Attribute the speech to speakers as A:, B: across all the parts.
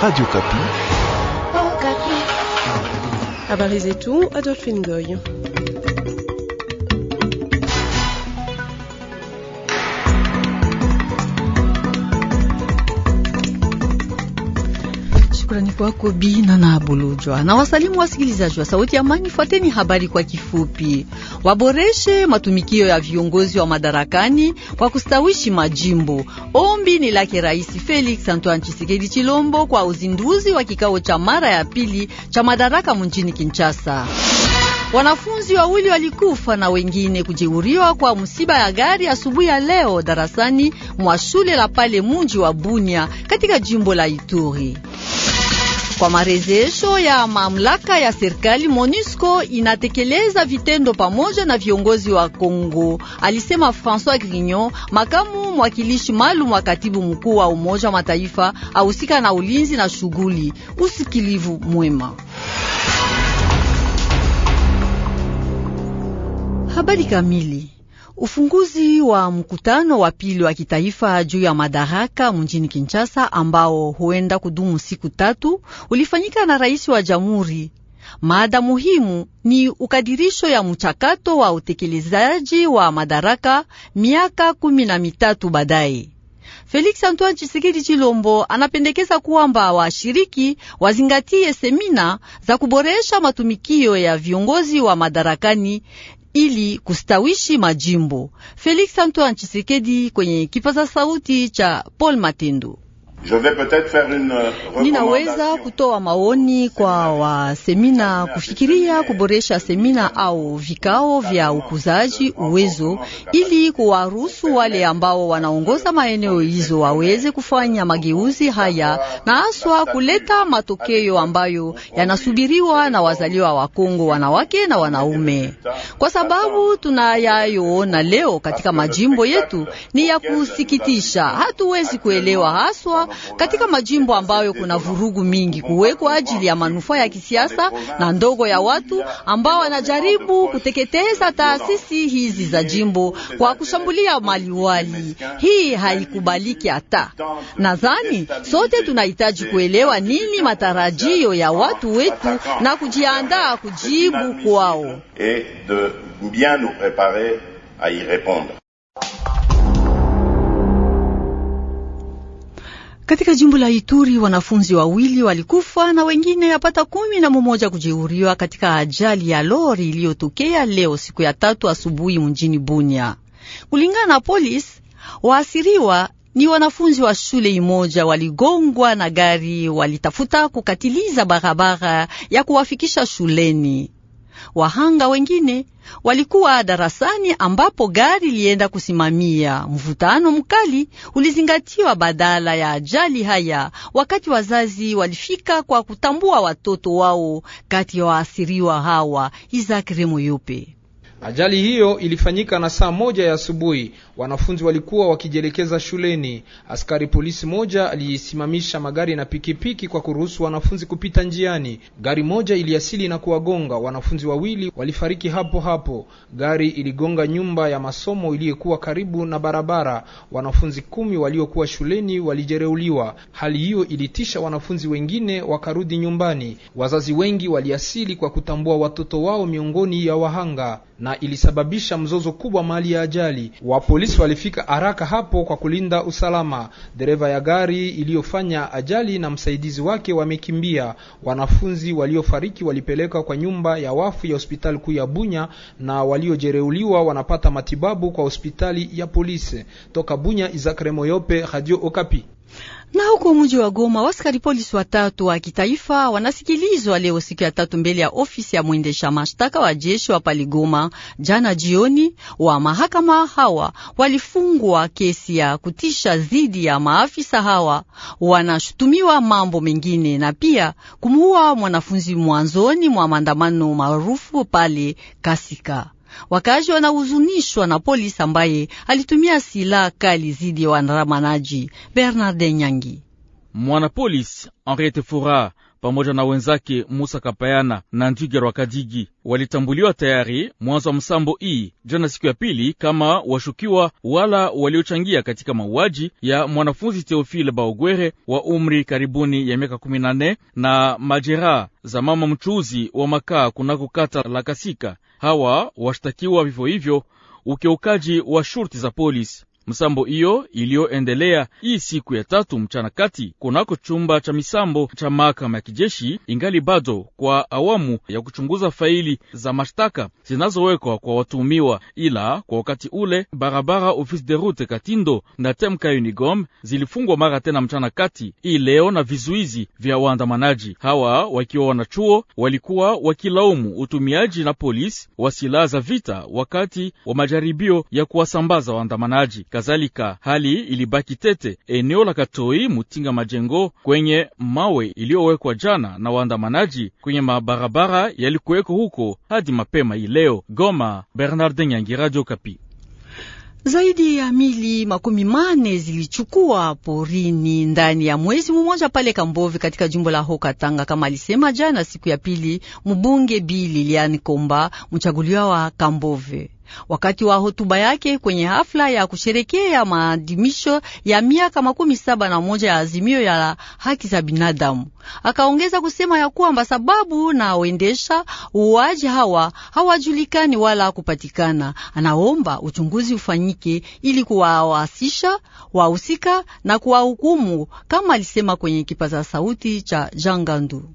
A: Radio Kapi.
B: Habari oh, tout, Adolphe Ngoy. Shukrani kwako Bina na Bulujwa na wasalimu wasikilizaji wa Sauti ya Amani. Fuateni habari kwa kifupi. Waboreshe matumikio ya viongozi wa madarakani kwa kustawishi majimbo. Ombi ni lake Rais Felix Antoine chisekedi Chilombo kwa uzinduzi wa kikao cha mara ya pili cha madaraka mjini Kinshasa. Wanafunzi wawili walikufa na wengine kujeuriwa kwa msiba ya gari asubuhi ya leo darasani mwa shule la pale munji wa Bunia katika jimbo la Ituri. Kwa marejesho ya mamlaka ya serikali, MONUSCO inatekeleza vitendo pamoja na viongozi wa Kongo, alisema François Grignon, makamu mwakilishi maalum wa katibu mkuu wa Umoja wa Mataifa ahusika na ulinzi na shughuli. Usikilivu mwema. Habari kamili Ufunguzi wa mkutano wa pili wa kitaifa juu ya madaraka mjini Kinshasa ambao huenda kudumu siku tatu ulifanyika na rais wa jamhuri. Mada muhimu ni ukadirisho ya mchakato wa utekelezaji wa madaraka miaka kumi na mitatu baadaye. Felix Antoine chisekedi chilombo anapendekeza kwamba washiriki wazingatie semina za kuboresha matumikio ya viongozi wa madarakani ili kustawishi majimbo. Felix Antoine Chisekedi kwenye kipaza sauti cha Paul Matindu. Euh, Ninaweza kutoa maoni kwa wasemina kufikiria kuboresha semina au vikao vya ukuzaji uwezo ili kuwaruhusu wale ambao wanaongoza maeneo hizo waweze kufanya mageuzi haya na haswa kuleta matokeo ambayo yanasubiriwa na wazaliwa wa Kongo, wanawake na wanaume, kwa sababu tunayayoona leo katika majimbo yetu ni ya kusikitisha. Hatuwezi kuelewa haswa katika majimbo ambayo kuna vurugu mingi kuwekwa ajili ya manufaa ya kisiasa na ndogo ya watu ambao wanajaribu kuteketeza taasisi hizi za jimbo kwa kushambulia maliwali. Hii haikubaliki hata. Nadhani sote tunahitaji kuelewa nini matarajio ya watu wetu na kujiandaa kujibu kwao. Katika jimbo la Ituri wanafunzi wawili walikufa na wengine apata kumi na mmoja kujeruhiwa katika ajali ya lori iliyotokea leo siku ya tatu asubuhi mjini Bunia. Kulingana na polisi, waasiriwa ni wanafunzi wa shule imoja waligongwa na gari, walitafuta kukatiliza barabara ya kuwafikisha shuleni. Wahanga wengine walikuwa darasani ambapo gari lienda kusimamia. Mvutano mkali ulizingatiwa badala ya ajali haya, wakati wazazi walifika kwa kutambua watoto wao kati ya waasiriwa hawa. Izakiremo
A: Yupe. Ajali hiyo ilifanyika na saa moja ya asubuhi Wanafunzi walikuwa wakijielekeza shuleni. Askari polisi moja aliisimamisha magari na pikipiki kwa kuruhusu wanafunzi kupita njiani. Gari moja iliasili na kuwagonga wanafunzi, wawili walifariki hapo hapo. Gari iligonga nyumba ya masomo iliyokuwa karibu na barabara. Wanafunzi kumi waliokuwa shuleni walijereuliwa. Hali hiyo ilitisha wanafunzi wengine wakarudi nyumbani. Wazazi wengi waliasili kwa kutambua watoto wao miongoni ya wahanga na ilisababisha mzozo kubwa mali ya ajali. Wapolisi Polisi walifika haraka hapo kwa kulinda usalama. Dereva ya gari iliyofanya ajali na msaidizi wake wamekimbia. Wanafunzi waliofariki walipelekwa kwa nyumba ya wafu ya hospitali kuu ya Bunya na waliojereuliwa wanapata matibabu kwa hospitali ya polisi. Toka Bunya, Izakare Moyope, Radio Okapi. Na huko mji
B: wa Goma, waskari polisi watatu wa kitaifa wanasikilizwa leo siku ya tatu mbele ya ofisi ya mwendesha mashtaka wa jeshi wa pale Goma. Jana jioni wa mahakama hawa walifungwa kesi ya kutisha dhidi ya maafisa hawa, wanashutumiwa mambo mengine na pia kumuua mwanafunzi mwanzoni mwa maandamano maarufu pale Kasika. Wakaaji wanahuzunishwa na polisi ambaye alitumia silaha kali zidi ya waandamanaji. Bernard Nyangi,
C: mwanapolisi Henriette Fura pamoja na wenzake Musa Kapayana na Njuge Rwakajigi walitambuliwa tayari mwanzo wa msambo hii e, jana siku ya pili kama washukiwa wala waliochangia katika mauaji ya mwanafunzi Teofile Baogwere wa umri karibuni ya miaka 14 na majeraha za mama mchuuzi wa makaa kunako kata la Kasika. Hawa washtakiwa vivyo hivyo ukiukaji wa shurti za polisi. Msambo iyo iliyoendelea ii siku ya tatu mchana kati kunako chumba cha misambo cha mahakama ya kijeshi ingali bado kwa awamu ya kuchunguza faili za mashtaka zinazowekwa kwa watuhumiwa, ila kwa wakati ule barabara Office de Route Katindo na Temka Unigom zilifungwa mara tena mchana kati hii leo na vizuizi vya waandamanaji hawa, wakiwa wanachuo walikuwa wakilaumu utumiaji na polisi wa silaha za vita wakati wa majaribio ya kuwasambaza waandamanaji. Kadhalika hali ilibaki tete eneo la Katoi Mutinga Majengo, kwenye mawe iliyowekwa jana na waandamanaji kwenye mabarabara yalikuweko huko hadi mapema ileo. Goma, Bernardin Nyangi, Radio Kapi.
B: Zaidi ya mili makumi mane zilichukua porini ndani ya mwezi mmoja pale Kambovi katika jimbo la hokatanga Tanga, kama alisema jana siku ya pili mbunge Bi Lilian Komba, mchaguliwa wa Kambove. Wakati wa hotuba yake kwenye hafla ya kusherekea maadhimisho ya miaka makumi saba na moja ya azimio ya haki za binadamu, akaongeza kusema ya kwamba sababu na waendesha uwaji hawa hawajulikani wala kupatikana. Anaomba uchunguzi ufanyike ili kuwawasisha wahusika na kuwahukumu, kama alisema kwenye kipaza sauti cha Jangandu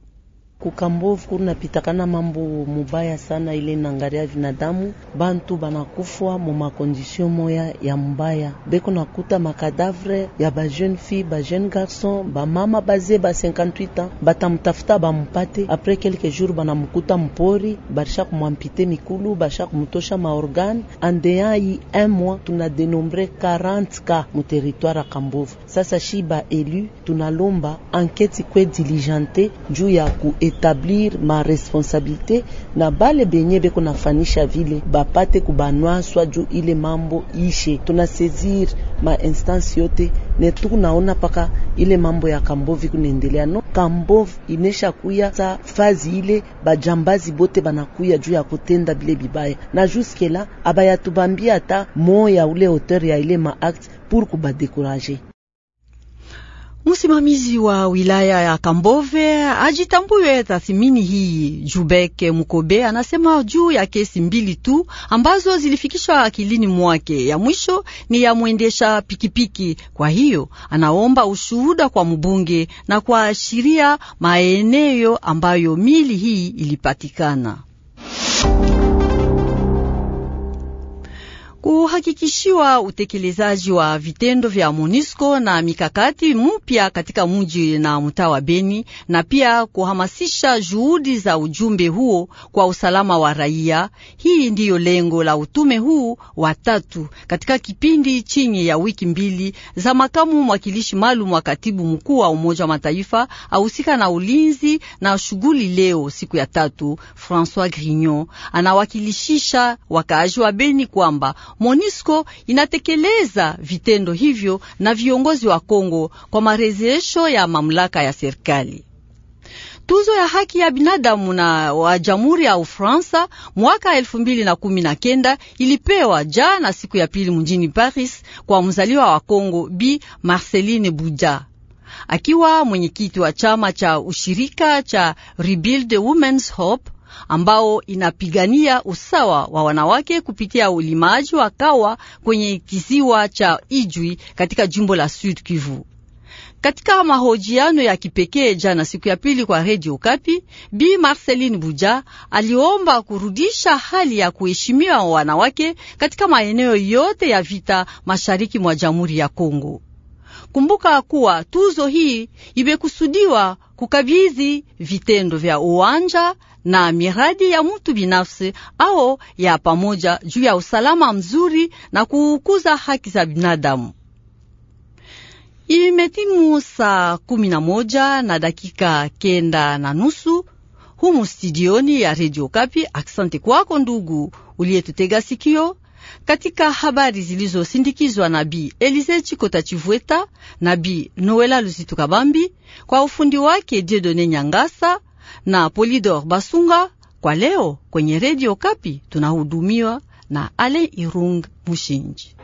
B: kukambovu kunapitakana mambo mubaya sana, ile nangaria vinadamu bantu banakufwa mu makondisio moya ya mubaya, beko nakuta makadavre ya ba jeune fille ba jeune garçon ba mama baze ba 58 ans batamutafuta bamupate après quelques jours banamukuta mpori, barisha kumwampite mikulu, barisha kumutosha maorgane andeyayi un mois. Tuna denombre 40 ka mu territoire ya Kambovu. Sasa shiba elu tunalomba anketi kwe diligente juu ya ku kuetablir maresponsabilite na bale benye beko nafanyisha vile bapate kubanwaswa juu ile mambo ishe. Tunasezir mainstansi yote netu naona paka ile mambo ya Kambovi kunaendelea no Kambovi inesha kuya sa fazi ile bajambazi bote banakuya juu ya kutenda bile bibaya, na juskela abayatubambia hata moya ule hoteur ya ile maakti pour kubadekuraje. Msimamizi wa wilaya ya Kambove ajitambue tathmini hii. Jubeke Mukobe anasema juu ya kesi mbili tu ambazo zilifikishwa akilini mwake, ya mwisho ni ya mwendesha pikipiki. Kwa hiyo anaomba ushuhuda kwa mbunge na kuashiria maeneo ambayo mili hii ilipatikana. kuhakikishiwa utekelezaji wa vitendo vya MONUSCO na mikakati mupya katika mji na mtaa wa Beni na pia kuhamasisha juhudi za ujumbe huo kwa usalama wa raia. Hii ndiyo lengo la utume huu wa tatu katika kipindi chini ya wiki mbili za makamu mwakilishi maalum wa katibu mkuu wa Umoja wa Mataifa ahusika na ulinzi na shughuli. Leo siku ya tatu, François Grignon anawakilishisha wakaaji wa Beni kwamba MONUSCO MONUSCO inatekeleza vitendo hivyo na viongozi wa Kongo kwa marejesho ya mamlaka ya serikali. Tuzo ya haki ya binadamu na wa Jamhuri ya Ufaransa mwaka elfu mbili na kumi na kenda ilipewa jana siku ya pili mjini Paris kwa mzaliwa wa Kongo Bi Marceline Buja akiwa mwenyekiti wa chama cha ushirika cha Rebuild Women's Hope ambao inapigania usawa wa wanawake kupitia ulimaji wa kawa kwenye kisiwa cha Ijwi katika jimbo la Sud Kivu. Katika mahojiano ya kipekee jana siku ya pili kwa Radio Kapi, Bi Marceline Buja aliomba kurudisha hali ya kuheshimiwa wanawake katika maeneo yote ya vita mashariki mwa Jamhuri ya Kongo. Kumbuka kuwa tuzo hii imekusudiwa kukabidhi vitendo vya uwanja na miradi ya mtu binafsi ao ya pamoja juu ya usalama mzuri na kukuza haki za binadamu. Imetimu saa kumi na moja na dakika kenda na nusu humu studioni ya Radio Kapi. Aksante kwako ndugu uliyetutega sikio katika habari zilizosindikizwa na Bi Elize Chikota Chivweta na Bi Noela Luzitu Kabambi, kwa ufundi wake Diedone Nyangasa na Polidor Basunga. Kwa leo kwenye Redio Kapi tunahudumiwa na Ale Irung Mushinji.